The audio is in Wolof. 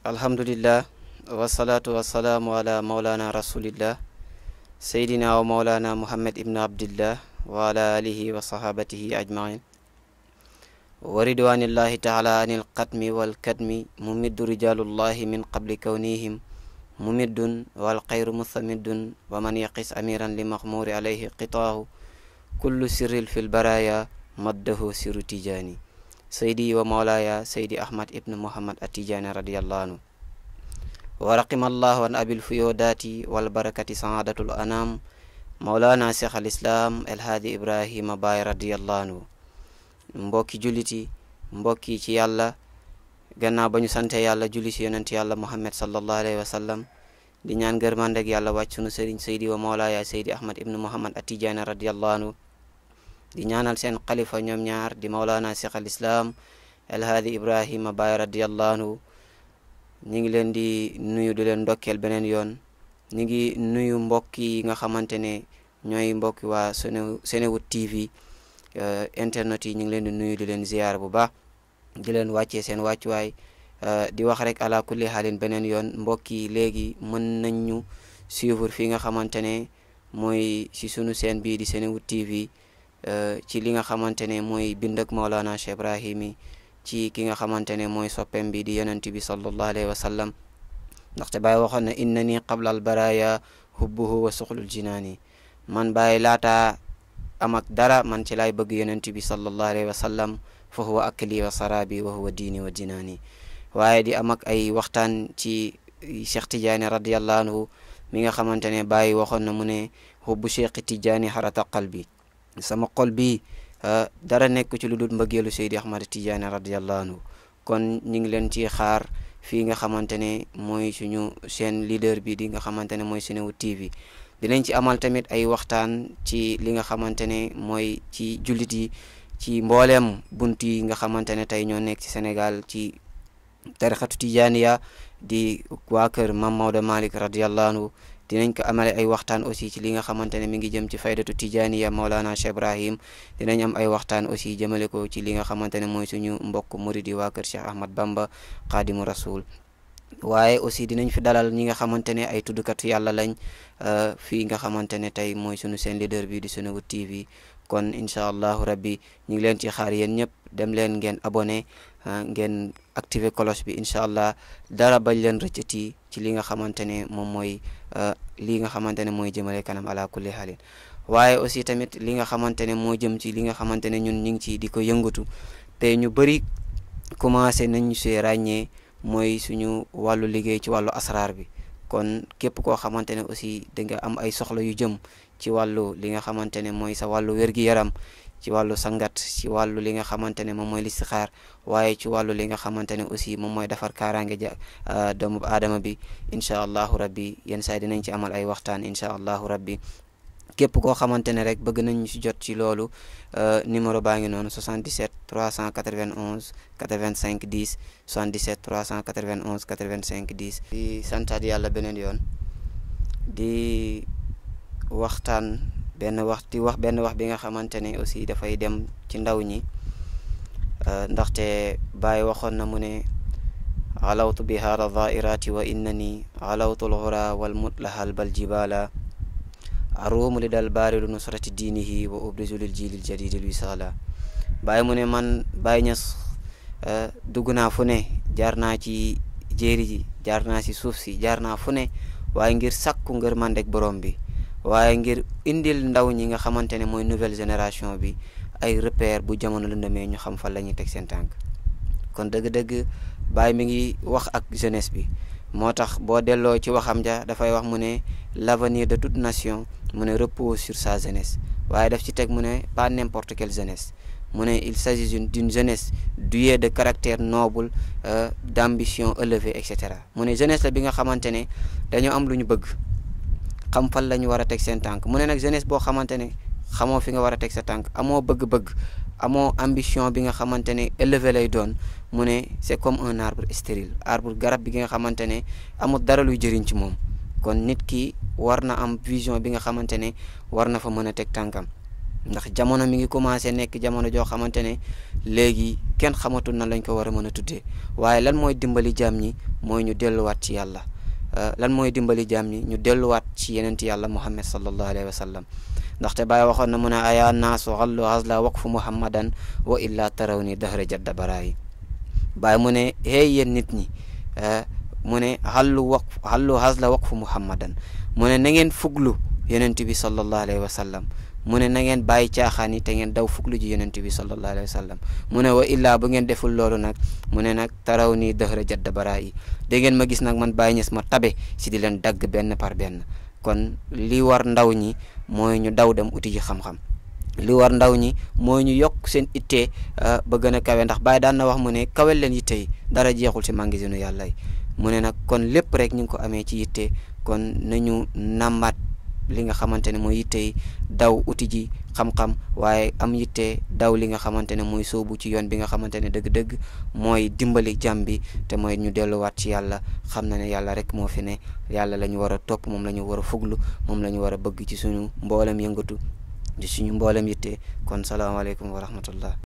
alhamdulillah wasalaatu wasalaamu ala maulana rasulillah seydina wa maulana muhammad ibn abdillah wa ala alihi wa sahabatihi ajmain wa ridwanillahi taala anil qatmi wal kadmi mu middu rijalullahi min qabli kawnihim mu middun wal xayru mustamiddun wa man yaqis amiran li maxmuuri alayhi qitaahu kullu sirril fil baraya maddahu siru tijaani سيدي ومولاي سيدي أحمد ابن محمد التجاني رضي الله عنه ورقم الله عن أبي الفيودات والبركة سعادة الأنام مولانا شيخ الإسلام الهادي إبراهيم باي رضي الله عنه mbokki julliti mbokki ci yàlla gannaaw ba ñu sante yàlla julli ci yonent yàlla muhammad sallallahu alayhi wa sallam di ñaan ngërmandeg yàlla wàcc nu sëriñ seydi wa moolaaya seydi ahmad ibnu muhammad attijaani radiallahu di ñaanal seen xalifa ñoom ñaar di maulana cheikh al islam El Hadji Ibrahima Baye radiyallahu anhu ñu ngi leen di nuyu di leen ndokkeel beneen yoon ñu ngi nuyu mbokk yi nga xamante ne ñooy mbokki waa Senewood TV euh, internet yi ñu ngi leen di nuyu di leen ziyaar bu baax di leen wàccee seen wàccuwaay euh, di wax rek ala kulli xaalin beneen yoon mbokk yi léegi mën nañ ñu suivre fi nga xamante ne mooy si sunu seen bii di Senewood TV. Eh, ci li nga xamante ne mooy bind ak Maulana Cheikh Ibrahim ci ki nga xamante ne mooy soppeem bi di yonent bi sallallahu alayhi wa sallam ndaxte Baay waxoon na inna ni qabla al baraya hubbuhu wa suxlul jinaani man Baay laata amak dara man ci laay bëgg yonent bi sallallahu alayhi wa sallam fa huwa akli wa sarabi wa huwa diini wa jinaani waaye di am ak ay waxtaan ci Cheikh Tidiane radiyallahu anhu mi nga xamante ne Baay waxoon na mu ne hubbu Cheikh Tidiane xarata qalbi sama xol bi ah, dara nekk ci lu dul mbëggeelu Seydi Ahmad Tidiane radiyallahu anhu kon ñu ngi leen ci xaar fii nga xamante ne mooy suñu seen leader bi di nga xamante ne mooy Senewood TV dinañ ci amal tamit ay waxtaan ci li nga xamante ne mooy ci jullit yi ci mbooleem bunt yi nga xamante ne tey ñoo nekk ci Sénégal ci tarixatu ya di waa kër Mam Maodo Malick radiyallahu anhu dinañ ko amale ay waxtaan aussi ci li nga xamante ne mi ngi jëm ci faydatu tijaniya Maulana Cheikh Ibrahim dinañ am ay waxtaan aussi jëmale ko ci li nga xamante ne mooy suñu mbokk murid yi waa kër Cheikh Ahmad Bamba Xaadimu Rasul waaye aussi dinañ fi dalal ñi nga xamante ne ay tuddkat yàlla lañ euh, fii nga xamante ne tey mooy sunu seen leader bi di Senewood TV kon incha allahu rabbi ñu ngi leen ci xaar yéen ñëpp dem leen ngeen abonné ngeen activer cloche bi incha allah dara bañ leen rëccati ci li nga xamante ne moom mooy euh, lii nga xamante ne mooy jëmale kanam ala kulli haalin waaye aussi tamit li nga xamante ne moo jëm ci li nga xamante ne ñun ñu ngi ci di ko yëngatu te ñu bëri commencé nañu ñu ràññee mooy suñu wàllu liggéey ci wàllu asraar bi kon képp koo xamante ne aussi da nga am ay soxla yu jëm ci wàllu li nga xamante ne mooy sa wàllu wér-gi-yaram ci wàllu sangat ci wàllu li nga xamante ne moom mooy listixaar waaye ci wàllu li nga xamante ne aussi moom mooy defar kaaraange ja euh, doomu adama bi incha allahu rabbi yenn saa dinañ ci amal ay waxtaan incha allahu rabbi képp koo xamante ne rek bëgg nañ si jot ci loolu euh, numéro baa ngi noonu 77 391 85 10 77 391 85 10. di santaat yàlla beneen yoon di waxtaan benn wax di wax benn wax bi nga xamante ne aussi dafay dem ci ndaw ñi euh, ndaxte Baye waxoon na mu ne. alawtu biha radairati wa innani alawtu lxura walmutlahal bal jibala aruumu li dal baaridu nusrati diinihi wa ubrisu lil jiilil jadidil wisala bàyyi mu ne man bàyyi ñas eh, dugg naa fu ne jaar naa ci jéeri ji jaar naa ci suuf si jaar naa fu ne waaye ngir sakku ngir man rek borom bi waaye ngir indil ndaw ñi nga xamante ne mooy nouvelle génération bi ay repère bu jamono lëndëmee ñu xam fan la ñuy teg seen tànk kon dëgg-dëgg Baye mi ngi wax ak jeunesse bi moo tax boo delloo ci waxam ja dafay wax mu ne l'avenir de toute nation mu ne repose sur sa jeunesse waaye daf ci teg mu ne pas n'importe quelle jeunesse mu ne il s'agit d'une jeunesse douée de caractère noble euh, d'ambition élevée et cetera mu ne jeunesse la bi nga xamante ne dañoo am lu ñu bëgg xam fan la ñu war a teg seen tànk mu ne nag jeunesse boo xamante ne xamoo fi nga war a teg sa tànk amoo bëgg-bëgg amoo ambition bi nga xamante ne élevée lay doon mu ne c'est comme un arbre stérile arbre garab bi nga xamante ne amul dara luy jëriñ ci moom kon nit ki war na am vision bi nga xamante ne war na fa mën a teg tànkam ndax jamono mi ngi commencé nekk jamono joo xamante ne léegi kenn xamatul na lañ ko war a mën a tuddee waaye lan mooy dimbali jaam ni mooy ñu delluwaat ci yàlla euh, lan mooy dimbali jaam ñi ñu delluwaat ci yenent yàlla muhammad sallallahu alayhi wa sallam ndaxte bay waxoon na mu ne ayaa naasu xallu hasla waqfu muhammadan wa illaa taraw ni dahra jadda baraayi Baay mu ne hey yéen nit ñi euh, mu ne xallu waqf xallu hasla waqfu muhammadan mu ne na ngeen fuglu yenent bi sallallahu alayhi wa sallam mu ne na ngeen bàyyi caaxaan te ngeen daw fukk lu ji yonent bi sallallahu alayhi wa sallam mu ne wa illa bu ngeen deful loolu nag mu ne nag taraw nii dëxra jadda baraa yi da ngeen ma gis nag man bàyyi ñes ma tabe si di leen dagg benn par benn kon li war ndaw ñi mooy ñu daw dem uti ji xam-xam li war ndaw ñi mooy ñu yokk seen ittee euh, ba na kawe ndax Baye daan na wax mu ne kawel leen yitte yi dara jeexul si mangisinu yàlla yi mu ne nag kon lépp rek ñu ko amee ci yitte kon nañu nammat li nga xamante ne mooy yittey daw uti ji xam-xam waaye am yitte daw li nga xamante ne mooy soobu ci yoon bi nga xamante ne dëgg-dëgg mooy dimbali jàmm bi te mooy ñu delluwaat ci yàlla xam na ne yàlla rek moo fi ne yàlla la ñu war a topp moom la ñu war a fuglu moom la ñu war a bëgg ci suñu mboolem yëngatu ci suñu mboolem yitte kon salaamaaleykum wa rahmatullah